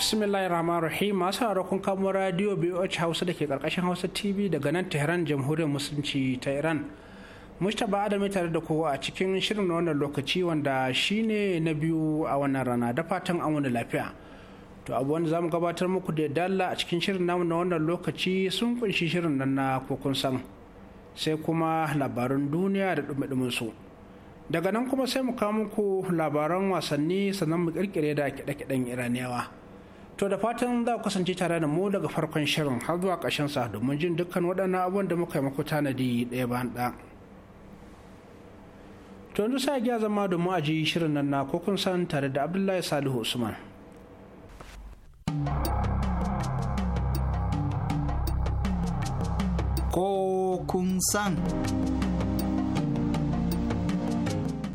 bismillahi rahmanir rahim masu harakun kamo radio boh hausa da ke karkashin hausa tv daga nan tehran jamhuriyar musulunci ta iran mustapha adami tare da kowa a cikin shirin na wannan lokaci wanda shine na biyu a wannan rana da fatan an wani lafiya to abubuwan da zamu gabatar muku da dalla a cikin shirin namu na wannan lokaci sun kunshi shirin nan na kokun san sai kuma labarun duniya da dumi su daga nan kuma sai mu kawo muku labaran wasanni sannan mu kirkire da kiɗe-kiɗen iraniyawa To da fatan za ku kasance tare da mu daga farkon shirin har zuwa ƙarshen sa domin jin dukkan waɗannan abubuwan da muka yi muku tanadi ɗaya bayan ɗaya. To yanzu sai gya zama domin a ji shirin nan na ko kun san tare da Abdullahi Salihu Usman. Ko san.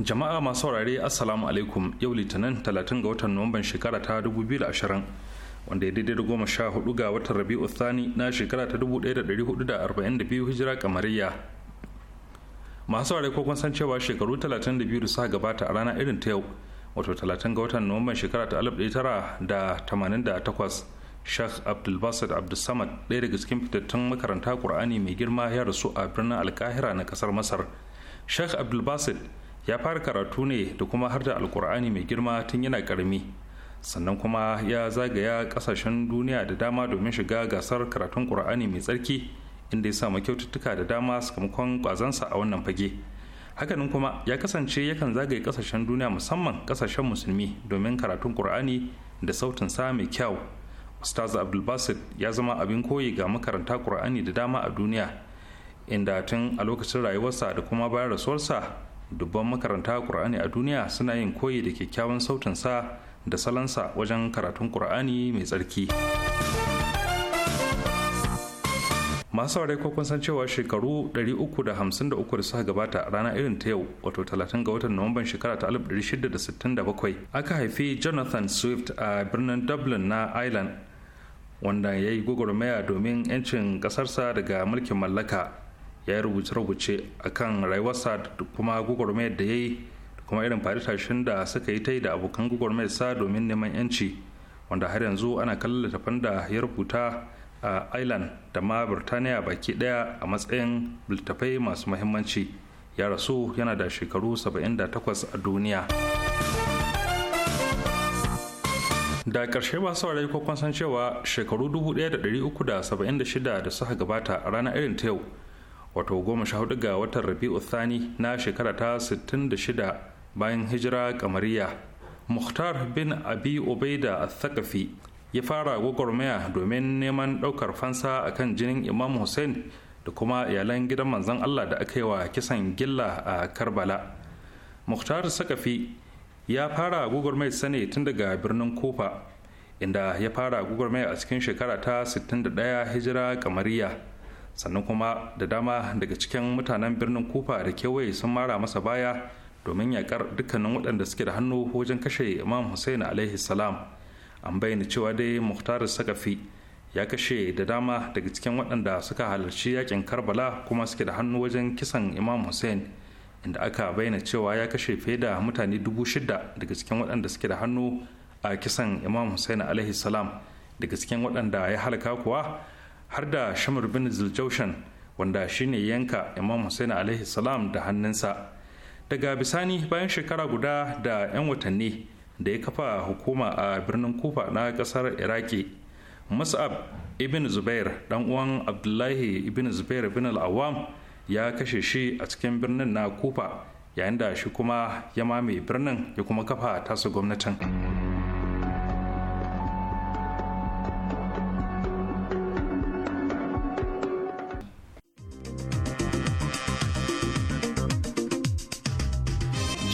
Jama'a masu saurare Assalamu alaikum yau Litinin 30 ga watan Nuwamban shekara ta 2020 wanda ya daidai da goma sha hudu ga watan rabi'u thani na shekara ta 1442 hijira kamariya masu saurare ko kun san cewa shekaru 32 da suka gabata a rana irin ta yau wato 30 ga watan nuwamban shekara ta 1988 Sheikh Abdulbasit Abdulsamad ɗaya daga cikin fitattun makaranta Kur'ani mai girma ya rasu a birnin Alkahira na kasar Masar. Sheikh Abdulbasit ya fara karatu ne da kuma har da Alkur'ani mai girma tun yana karami sannan kuma ya zagaya kasashen duniya da dama domin shiga gasar karatun ƙur'ani mai tsarki inda ya samu kyaututtuka da dama sakamakon ƙwazansa a wannan fage hakanan kuma ya kasance yakan zagaye kasashen duniya musamman kasashen musulmi domin karatun ƙur'ani da sautin sa mai kyau ustaz abdulbasit ya zama abin koyi ga makaranta ƙur'ani da dama a duniya inda tun a lokacin rayuwarsa da kuma bayan rasuwarsa dubban makaranta ƙur'ani a duniya suna yin koyi da kyakkyawan sautin sa da salansa wajen karatun ƙur'ani mai tsarki masu ware ko san cewa shekaru 353 da suka gabata rana irin ta yau wato 30 ga watan nuwamban shekara ta 1667 aka haifi jonathan swift a birnin dublin na ireland wanda ya yi gwagwarmaya domin 'yancin kasarsa daga mulkin mallaka ya yi rubuce-rubuce a rayuwarsa da kuma gwagwarmayar da ya yi kuma irin fari-tashin da suka yi ta yi da abokan gwagwarmayar sa domin neman yanci wanda har yanzu ana kallon littafan da ya rubuta a ireland da ma birtaniya baki daya a matsayin littafai masu muhimmanci ya rasu yana da shekaru 78 a duniya da karshe ba saurari ko kun san cewa shekaru 1376 da suka gabata a ranar irin ta yau wato goma 14 ga watan rabi'u thani na shekara ta 66 bayan hijira kamariya muhtar bin abi ubaida al-thaqafi ya fara gwagwarmaya domin neman ɗaukar fansa akan jinin imam hussein da kuma iyalan gidan manzon allah da aka yi wa kisan gilla a karbala muhtar sakafi ya fara gwagwarmaya sane tun daga birnin kofa inda ya fara gwagwarmaya a cikin shekara ta 61 hijira kamariya sannan kuma da dama daga cikin mutanen birnin kofa da kewaye sun mara masa baya domin yakar dukkanin waɗanda suke da hannu wajen kashe imam hussein alaihi salam an bayyana cewa dai muhtar sakafi ya kashe da dama daga cikin waɗanda suka halarci yakin karbala kuma suke da hannu wajen kisan imam hussein inda aka bayyana cewa ya kashe fiye da mutane dubu shida daga cikin waɗanda suke da hannu a kisan imam hussein alaihi salam daga cikin waɗanda ya halaka kuwa har da shamar bin zuljaushan wanda shine yanka imam hussein alaihi salam da hannunsa daga bisani bayan shekara guda da 'yan watanni da ya kafa hukuma a birnin kufa na kasar iraki mus'ab ibn zubair dan uwan abdullahi ibn zubair ibn al-awam ya kashe shi a cikin birnin na kufa yayin da shi kuma ya mame birnin ya kuma kafa tasa gwamnatin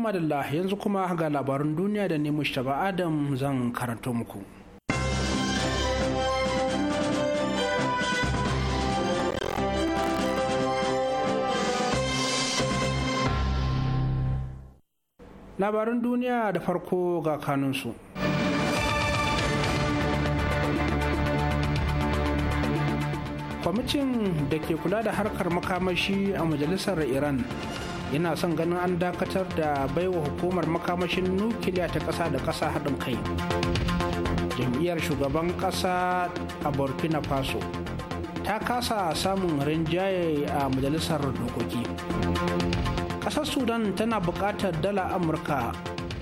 madalla yanzu kuma ga labarin duniya da ne Mustapha adam zan karanto muku labarin duniya da farko ga kanunsu kwamitin da ke kula da harkar makamashi a majalisar iran yana son ganin an dakatar da baiwa hukumar makamashin nukiliya ta ƙasa da ƙasa haɗin kai jam'iyyar shugaban ƙasa a burkina faso ta kasa samun rinjaye a majalisar dokoki ƙasar sudan tana buƙatar dala amurka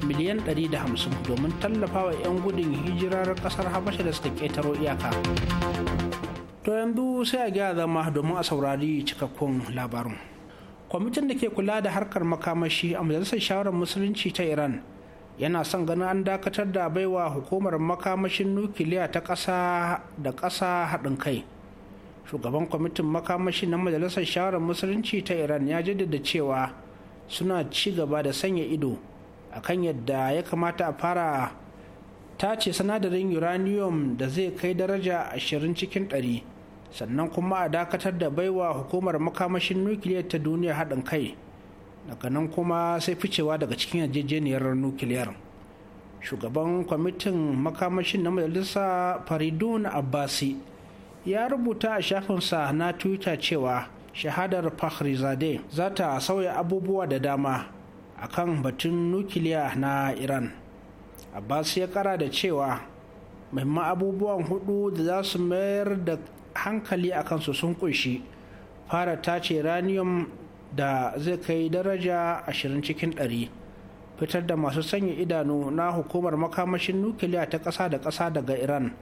miliyan 150 domin tallafa wa 'yan gudun hijirar ƙasar habasha da suka ƙetaro iyaka to yanzu sai a gyara zama domin a saurari cikakkun labarin kwamitin da ke kula da harkar makamashi a majalisar shawarar musulunci ta iran yana son ganin an dakatar da baiwa hukumar makamashin nukiliya ta ƙasa da ƙasa haɗin kai shugaban kwamitin makamashi na majalisar shawarar musulunci ta iran ya jaddada cewa suna ci gaba da sanya ido akan yadda ya kamata a fara tace sinadarin uranium da zai kai daraja 20 cikin ɗari. sannan kuma a dakatar da baiwa hukumar makamashin nukiliyar ta duniya haɗin kai daga nan kuma sai ficewa daga cikin yarjejeniyar nukiliyar shugaban kwamitin makamashin na majalisa faridun abbasi ya rubuta a shafinsa na twitter cewa shahadar fakhrizade za ta sauya abubuwa da dama a kan batun nukiliya na iran abbasi ya kara da cewa muhimman abubuwan hudu da za su mayar da hankali a kansu sun kunshi fara ce uranium da zai kai daraja 20 cikin 100 fitar da masu sanya idanu na hukumar makamashin nukiliya ta ƙasa da ƙasa daga iran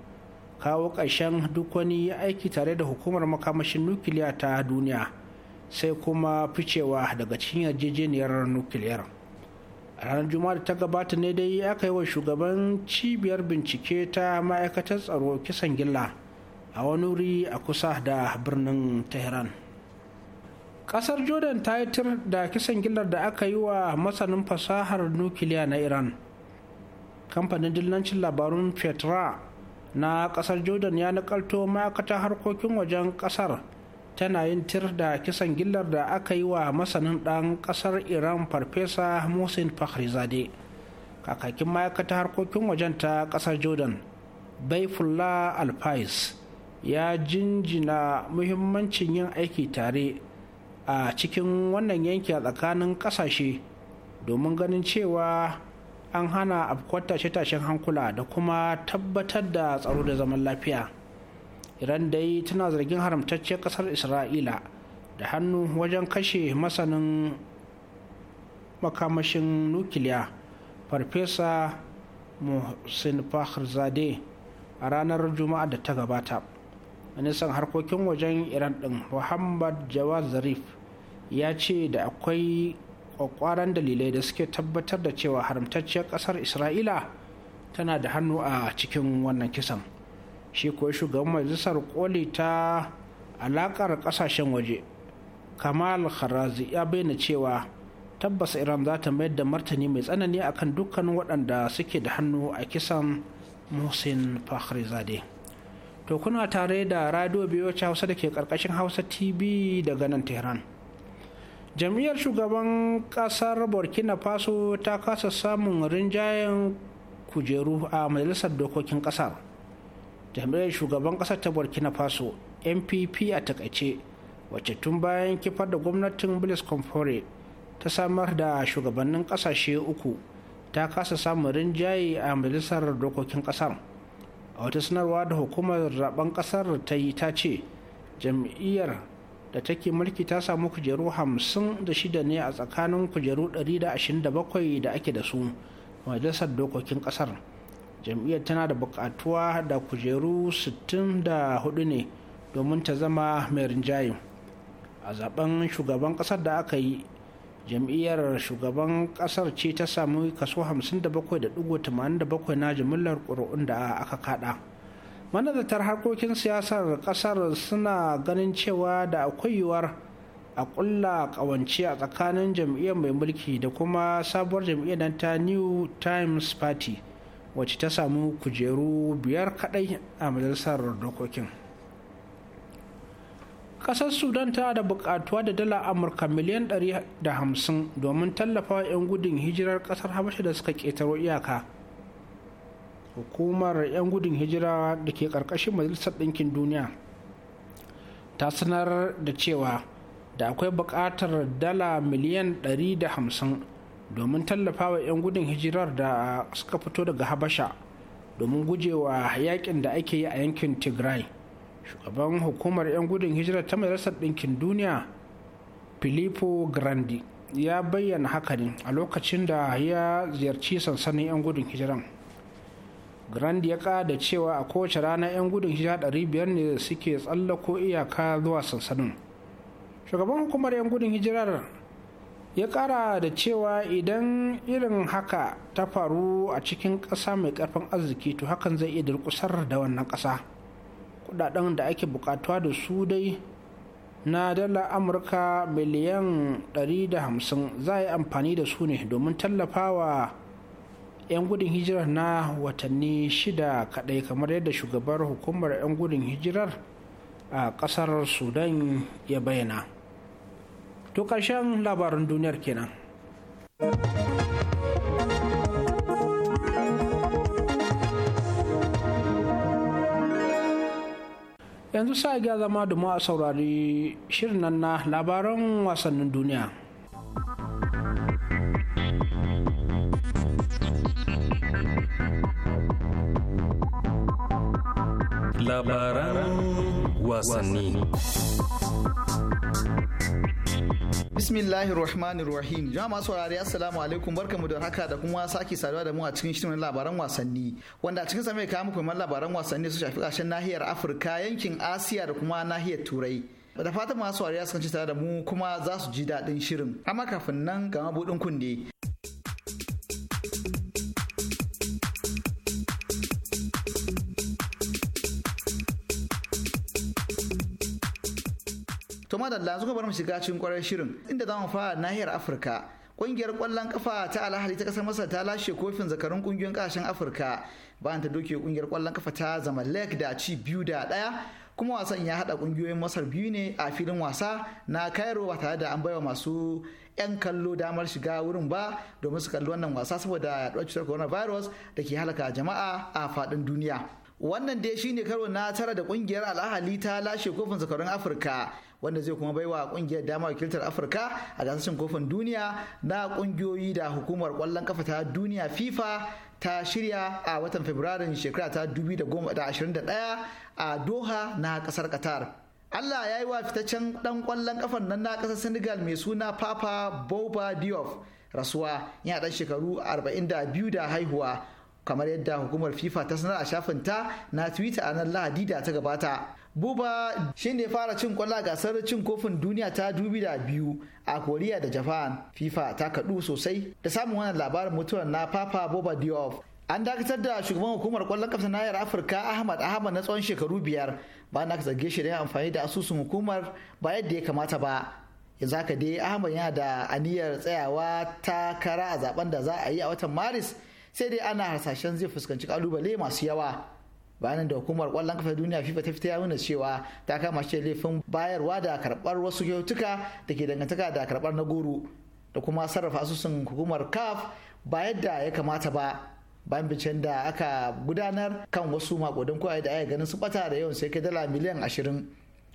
kawo ƙarshen duk wani ya aiki tare da hukumar makamashin nukiliya ta duniya sai kuma ficewa daga cikin yarjejeniyar nukiliyar a ranar juma'a da ta gabata ne dai aka yi wa shugaban cibiyar bincike ta ma'aikatar tsaro kisan gilla a wani wuri a kusa da birnin tehran kasar jordan ta yi tir da kisan gillar da aka yi wa masanin fasahar nukiliya na iran kamfanin dillancin labarun petra na kasar jordan ya nakalto ma'aikatar harkokin wajen kasar tana yin tir da kisan gillar da aka yi wa masanin ɗan kasar iran farfesa mohsin fakhrizade kakakin ma'aikatar harkokin wajen ta kasar jordan baifullah alfais ya jinjina muhimmancin yin aiki tare a cikin wannan yanki a tsakanin kasashe domin ganin cewa an hana afkuwar tashe-tashen hankula da kuma tabbatar da tsaro da zaman lafiya iran dai tana zargin haramtacciyar kasar isra'ila da hannu wajen kashe masanin makamashin nukiliya farfesa mohsin fakhrizadeh a ranar juma'a da ta gabata ministan harkokin wajen iran din muhammad jawad zarif ya ce da akwai kwakwaran dalilai da suke tabbatar da cewa haramtacciyar kasar isra'ila tana da hannu a cikin wannan kisan shi kuwa shugaban majalisar koli ta alakar kasashen waje kamal kharazi ya bayyana cewa tabbas iran za ta mayar da martani mai tsanani akan dukkan waɗanda suke da hannu a kisan muhsin fakhrizadeh to kuna tare da radio biyoci hausa da ke karkashin hausa tv daga nan tehran jam'iyyar shugaban kasar burkina faso ta kasa samun rinjayen kujeru a majalisar dokokin kasar jam'iyyar shugaban kasar ta burkina faso mpp a takaice wacce tun bayan kifar da gwamnatin blaise compaore ta samar da shugabannin kasashe uku ta kasa samun rinjaye a majalisar dokokin kasar a wata sanarwa da hukumar zaben kasar ta yi ta ce jam'iyyar da take mulki ta samu kujeru 56 ne a tsakanin kujeru 127 da ake da su majalisar dokokin kasar jam'iyyar tana da bukatuwa da kujeru 64 ne domin ta zama mai rinjaye a zaben shugaban kasar da aka yi jam'iyyar shugaban kasar ce ta samu kaso 57.87 na jimillar ƙuri'un da aka kada manazatar harkokin siyasar kasar suna ganin cewa da akwai yiwuwar a ƙulla ƙawance a tsakanin jam'iyyar mai mulki da kuma sabuwar jam'iyyar nan ta new times party wacce ta samu kujeru biyar kadai a majalisar dokokin kasar sudan tana da bukatuwa da dala amurka miliyan 150 domin tallafawa 'yan gudun hijirar kasar habasha da suka ketaro iyaka hukumar 'yan gudun hijira da ke karkashin majalisar ɗinkin duniya ta sanar da cewa da akwai bukatar dala miliyan 150 domin tallafawa 'yan gudun hijirar da suka fito daga habasha domin gujewa yakin da ake yi a yankin tigray shugaban hukumar 'yan gudun hijira ta majalisar ɗinkin duniya filippo grandi ya bayyana haka ne a lokacin da ya ziyarci sansanin 'yan gudun hijiran grandi ya kada cewa a kowace rana 'yan gudun hijira 500 ne suke tsallako iyaka zuwa sansanin shugaban hukumar 'yan gudun hijirar ya kara da cewa idan irin haka ta faru a cikin ƙasa mai ƙarfin arziki to hakan zai iya durƙusar da wannan ƙasa. kudaden da ake bukatuwa da su dai na dala amurka miliyan 150 za a yi amfani da su ne domin tallafawa 'yan gudun hijirar na watanni shida kadai kamar yadda shugabar hukumar 'yan gudun hijirar a kasar sudan ya bayyana to karshen labarin duniyar kenan. yanzu sa ga zama da mu a saurari shirin nan na labaran wasannin duniya labaran wasanni Bismillahirrahmanirrahim. Jama'a masu saurari Assalamu alaikum barkamu da haka da kuma sake saduwa da mu a cikin shirin labaran wasanni wanda a cikin sa mai kawo muku labaran wasanni su shafi kashin nahiyar Afirka, yankin Asiya da kuma nahiyar Turai. Da fatan masu saurari sun ci tare da mu kuma za su ji daɗin shirin. Amma kafin nan ga mabudin kunne. to madalla suka bar mu shiga cikin kwarar shirin inda za mu fara nahiyar afirka kungiyar kwallon kafa ta alhali ta kasar masar ta lashe kofin zakarun kungiyoyin kasashen afirka bayan ta doke kungiyar kwallon kafa ta zamalek da ci biyu da daya kuma wasan ya hada kungiyoyin masar biyu ne a filin wasa na cairo ba tare da an baiwa masu 'yan kallo damar shiga wurin ba domin su kalli wannan wasa saboda yaduwar cutar coronavirus da ke halaka jama'a a fadin duniya wannan dai shine karo na tara da kungiyar al'ahali ta lashe kofin zakarun afirka wanda zai kuma baiwa kungiyar damar wakiltar afirka a gasashen kofin duniya na kungiyoyi da hukumar kwallon kafa ta duniya fifa ta shirya a watan fabrairun shekara ta 2021 a doha na kasar qatar allah ya yi wa fitaccen dan kwallon kafan nan na kasar senegal mai suna papa boba diof rasuwa yana dan shekaru 42 da haihuwa kamar yadda hukumar fifa ta sanar a shafin ta, na twitter a nan lahadi da ta gabata buba shine fara cin kwallo gasar cin kofin duniya ta dubi da biyu a koriya da japan fifa ta kadu sosai da samun wannan labarin mutuwar na papa boba diop an dakatar da shugaban hukumar kwallon kafa na nahiyar afirka ahmad ahmad na tsawon shekaru biyar ba na zarge shi da yin amfani da asusun hukumar ba yadda ya kamata ba yanzu haka dai ahmad yana da aniyar tsayawa takara a zaben da za a yi a watan maris sai dai ana hasashen zai fuskanci kalubale masu yawa bayanin da hukumar kwallon kafa duniya fifa ta fita ya nuna cewa ta kama shi laifin bayarwa da karbar wasu kyautuka da ke dangantaka da karbar na goro da kuma sarrafa asusun hukumar caf ba yadda ya kamata ba bayan bincen da aka gudanar kan wasu makodan kwaye da aya ganin su bata da yawan sai kai dala miliyan ashirin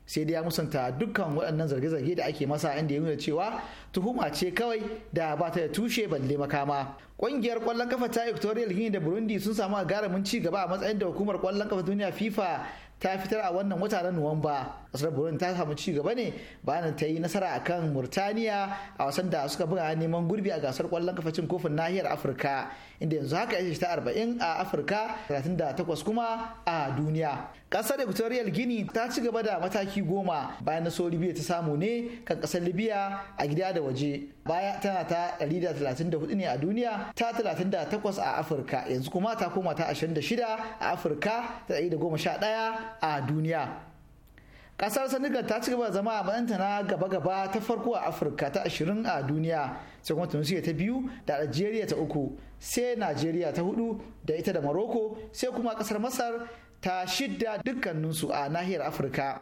sai dai ya musanta dukkan waɗannan zarge-zarge da ake masa inda ya nuna cewa tuhuma ce kawai da ba ta da tushe balle makama ƙungiyar ƙwallon kafa ta equatorial guinea da burundi sun samu garamin ci gaba a matsayin da hukumar ƙwallon kafa duniya fifa ta fitar a wannan wata na nuwamba ƙasar burundi ta samu ci gaba ne bayan ta yi nasara kan murtaniya a wasan da suka buga neman gurbi a gasar ƙwallon kafa cin kofin nahiyar afirka inda yanzu haka ya ta arba'in a afirka 38 kuma a duniya kasar equatorial gini ta ci gaba da mataki goma bayan naso libya ta samu ne kan kasar libya a gida da waje baya tana ta 134 ne a duniya ta 38 a afirka yanzu kuma ta koma ta 26 a afirka ta 111 a duniya kasar senegal ta ci gaba zama a na gaba-gaba ta farko a afirka ta 20 a duniya sai kuma tunisia ta biyu da algeria ta uku sai najeriya ta hudu da ita da maroko sai kuma kasar masar ta shidda dukkaninsu a nahiyar afirka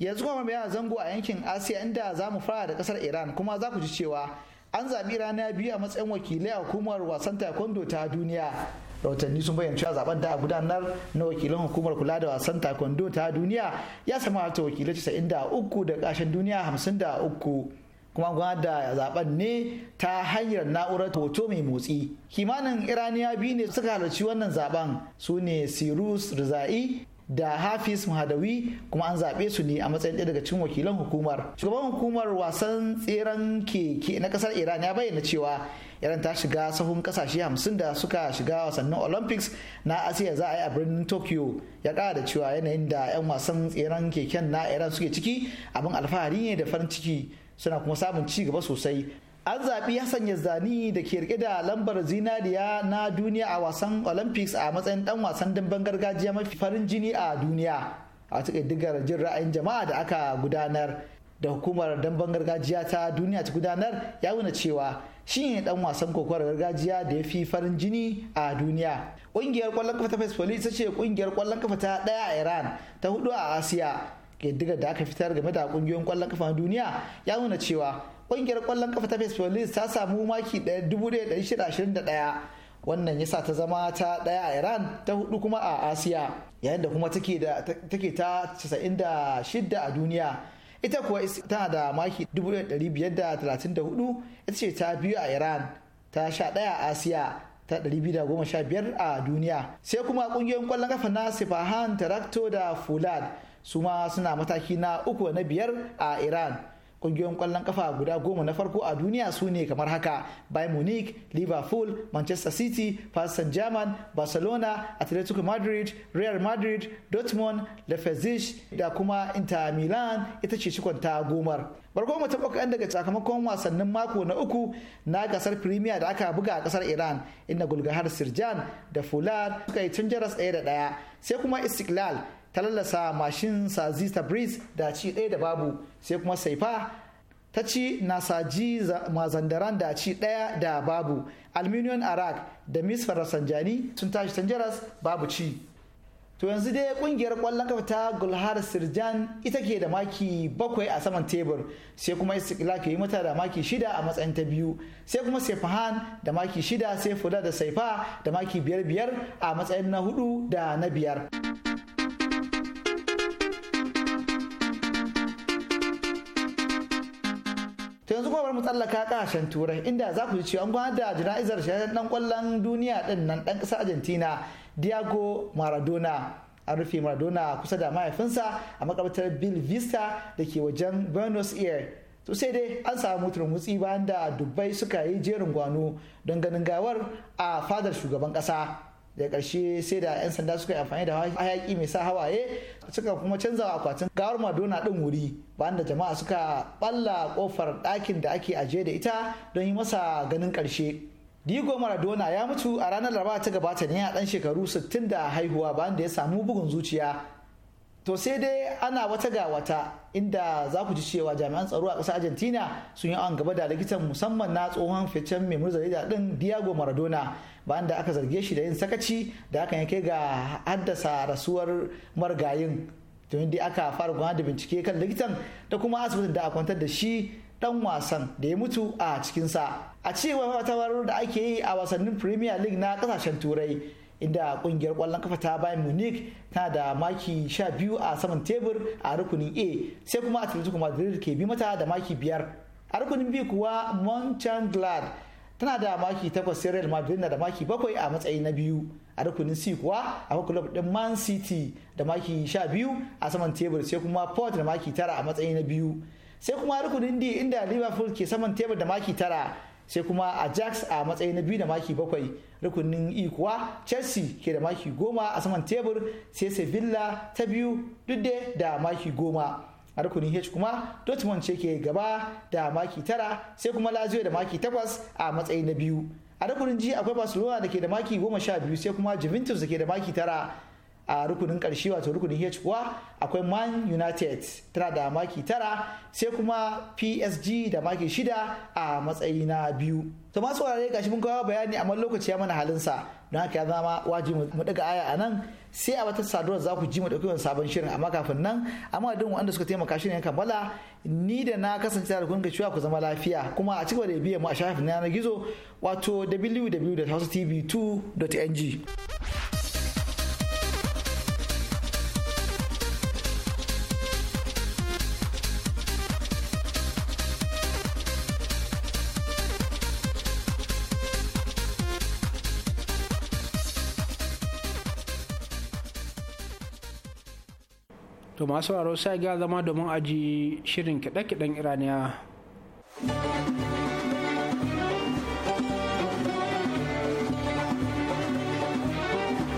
yanzu kuma mai zango a yankin asiya inda za mu fara da kasar iran kuma za ku ji cewa an zaɓi rana biyu a matsayin wakilai a hukumar wasan taekwondo ta duniya rahotanni sun bayyana cewa zaben da a gudanar na wakilan hukumar kula da wasan taekwondo ta duniya ya samu halarta wakilai 93 da kashin duniya 53 kuma gwada da zaben ne ta hanyar na'urar hoto mai motsi kimanin iraniya biyu ne suka halarci wannan zaben su ne sirus rizai da hafiz muhadawi kuma an zaɓe su ne a matsayin ɗaya daga cikin wakilan hukumar shugaban hukumar wasan tseren keke na ƙasar iran ya bayyana cewa iran ta shiga sahun ƙasashe hamsin da suka shiga wasannin olympics na asiya za a yi a birnin tokyo ya ƙara da cewa yanayin da 'yan wasan tseren keken na iran suke ciki abin alfahari ne da farin ciki suna kuma samun ci gaba sosai an zaɓi hassan yazani da ke rike da lambar zinariya na duniya a wasan olympics a matsayin dan wasan damben gargajiya mafi farin jini a duniya a takaddigar jin ra'ayin jama'a da aka gudanar da hukumar damben gargajiya ta duniya ta gudanar ya nuna cewa shi ne dan wasan kokowar gargajiya da ya fi farin jini a duniya ƙungiyar ƙwallon kafa ta police ta ce ƙungiyar ƙwallon kafa ta ɗaya a iran ta hudu a asiya ƙiddigar da aka fitar game da ƙungiyoyin ƙwallon kafa na duniya ya nuna cewa kungiyar kwallon kafa ta Police ta samu maki 1621 wannan yasa ta zama ta daya a Iran ta hudu kuma a Asiya yayin da kuma take ta take ta 96 a duniya ita kuwa tana da maki 1534 ita ce ta biyu a Iran ta sha daya a Asiya ta 215 a duniya sai kuma kungiyar kwallon kafa na Sepahan Tarakto da Fulad su ma suna mataki na uku na biyar a Iran kungiyoyin kwallon kafa guda goma na farko a duniya su ne kamar haka bayern munich liverpool manchester city paris saint barcelona atletico madrid real madrid dortmund lefezis da kuma inter milan ita ce cikonta gomar bargo mu ta bakwai daga sakamakon wasannin mako na uku na gasar premier da aka buga a kasar iran inda gulgahar sirjan da fulad suka yi tun jaras ɗaya da ɗaya sai kuma istiklal ta lallasa mashin sazista breeze da ci ɗaya da babu sai kuma saifa ta ci nasaji mazandaran da ci ɗaya da babu alminion arak da miss farasanjani sun tashi tanjaras babu ci to yanzu dai kungiyar kwallon kafa ta gulhar sirjan ita ke da maki bakwai a saman tebur sai kuma istikla ke yi mata da maki shida a matsayin ta biyu sai kuma sefahan da maki shida sai fula da saifa da maki biyar biyar a matsayin na hudu da na biyar. yanzu kuma bar mu tsallaka kasashen turai inda za ku ji cewa an gwana da jana'izar shahararren dan kwallon duniya din nan dan kasar argentina diego maradona an rufe maradona kusa da mahaifinsa a makabatar bill vista da ke wajen buenos aires to sai dai an samu turmutsi bayan da dubbai suka yi jerin gwano don ganin gawar a fadar shugaban kasa daga karshe sai da 'yan sanda suka yi amfani da hayaki mai sa hawaye suka kuma canza akwatin gawar maradona din wuri bayan da jama'a suka balla kofar ɗakin da ake ajiye da ita don yi masa ganin karshe diego maradona ya mutu a ranar laraba ta gabata ne a dan shekaru 60 da haihuwa bayan da ya samu bugun zuciya to sai dai ana wata ga wata inda za ku ji cewa jami'an tsaro a ƙasar argentina sun yi an gaba da likitan musamman na tsohon ficen mai da din diego maradona bayan da aka zarge shi da yin sakaci da aka yake ga haddasa rasuwar margayin domin inda aka fara gwana da bincike kan likitan da kuma asibitin da a kwantar da shi dan wasan da ya mutu a cikinsa a cewar fatawar da ake yi a wasannin premier league na kasashen turai inda kungiyar kwallon kafa ta bayan munich tana da maki 12 a saman tebur a rukunin a sai kuma atletico madrid ke bi mata da maki biyar a rukunin b kuwa mönchengladbach tana da maki takwas sai real madrid na da maki bakwai a matsayi na biyu a rukunin c kuwa a club din man city da maki sha biyu a saman tebur sai kuma port da maki tara a matsayi na biyu sai kuma rukunin d inda liverpool ke saman tebur da maki tara sai kuma ajax a matsayi na biyu da maki bakwai rukunin e kuwa chelsea ke da maki goma a saman tebur sai sevilla ta biyu duk da maki goma a rukunin h kuma dortmund ce ke gaba da maki tara sai kuma lazio da maki takwas a matsayi na biyu a rukunin g akwai barcelona da ke da maki goma sha biyu sai kuma juventus da ke da maki tara a rukunin karshe wato rukunin h kuwa akwai man united tana da maki tara sai kuma psg da maki shida a matsayi na biyu to masu warare gashi mun kawo bayani amma lokaci ya mana halinsa don haka ya zama wajibi mu daga aya a nan sai a wata saduwar za ku ji mu dauki wani sabon shirin amma kafin nan amma duk wanda suka taimaka shi ne kammala ni da na kasance da kun ga cewa ku zama lafiya kuma a cigaba da biyan mu a shafin yanar gizo wato www.housetv2.ng to masu sauraro sai ga zama domin aji shirin kiɗe-kiɗen iraniya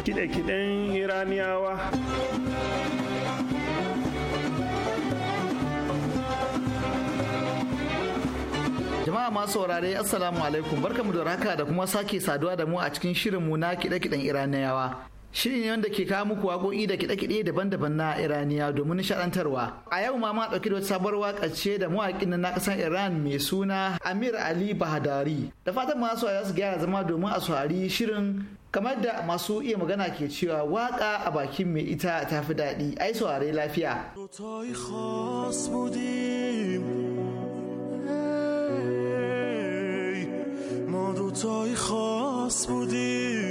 kiɗe-kiɗen iraniyawa jama'a masu saurare assalamu alaikum barkamu da raka da kuma sake saduwa da mu a cikin shirinmu na kiɗe-kiɗen iraniyawa Shirin ne wanda ke kawo muku waƙoƙi da kiɗe-kiɗe daban-daban na Iraniya domin nishaɗantarwa. A yau ma ma ɗauki da wata sabuwar waƙa ce da mawaƙin na ƙasar Iran mai suna Amir Ali Bahadari. Da fatan masu za su gyara zama domin a saurari shirin kamar da masu iya magana ke cewa waƙa a bakin mai ita ta fi daɗi ai saurari lafiya.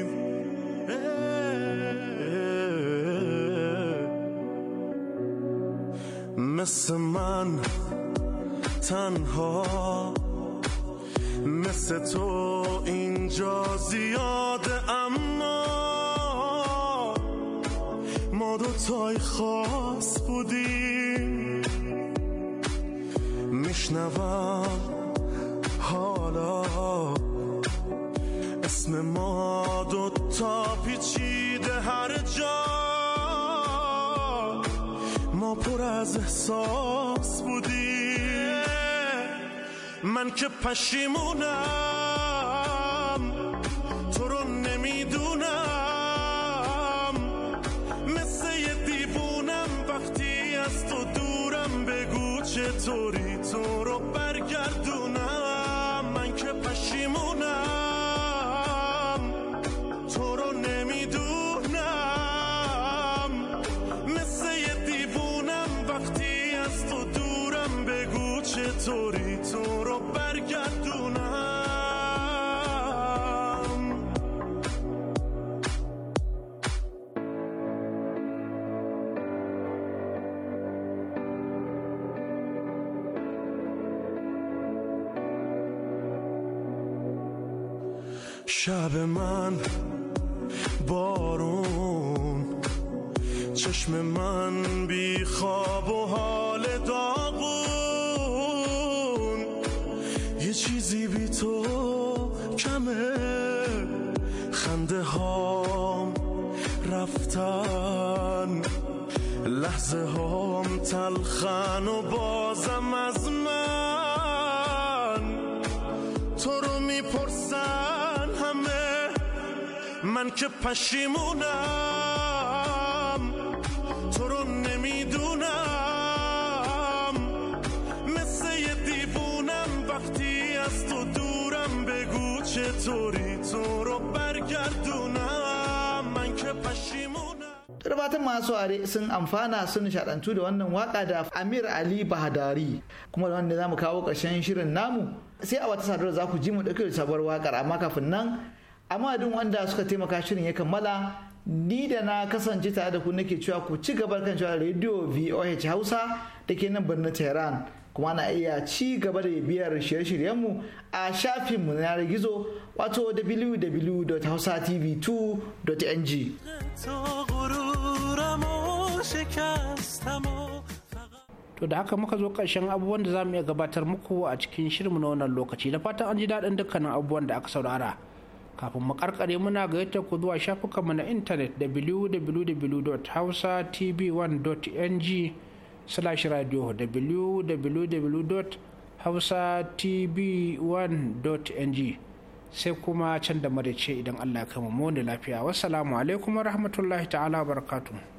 ما مثل من تنها مثل تو اینجا زیاده اما ما تای خاص بودیم میشنوم حالا اسم ما تا پیچیده هر جا پر از احساس بودی من که پشیمونم تو رو نمیدونم مثل یه دیوونم وقتی از تو دورم بگو چطوری من بارون چشم من بی خواب و حال داغون یه چیزی بی تو کمه خنده هام رفتن لحظه هام تلخن و بازم من که پشیمونم تو رو نمیدونم مثل یه دیوونم وقتی از تو دورم بگو چطوری تو رو برگردونم من که پشیمونم turbatan masu are sun amfana sun shaɗantu da wannan waka da amir ali bahadari kuma da wanda za mu kawo ƙarshen shirin namu sai a wata sadarwa za ku ji mu ɗauke da sabuwar waƙar amma kafin nan amma duk wanda suka taimaka shirin ya kammala ni da na kasance tare da ku nake cewa ku ci gaba kan cewa rediyo voh hausa da ke nan birnin tehran kuma na iya ci gaba da biyar shirye-shiryenmu a shafinmu na gizo wato www.hausatv2.ng To da haka muka zo karshen abubuwan da za mu iya gabatar muku a cikin shirinmu na wannan lokaci da fatan an ji daɗin dukkanin abubuwan da aka saurara. kafin mu karkare muna gayyatar ku zuwa shafukanmu na intanet www.hausatv1.ng slash radio www.hausatv1.ng sai kuma can da idan Allah ya kama mu da lafiya wassalamu alaikum wa rahmatullahi ta'ala barakatu.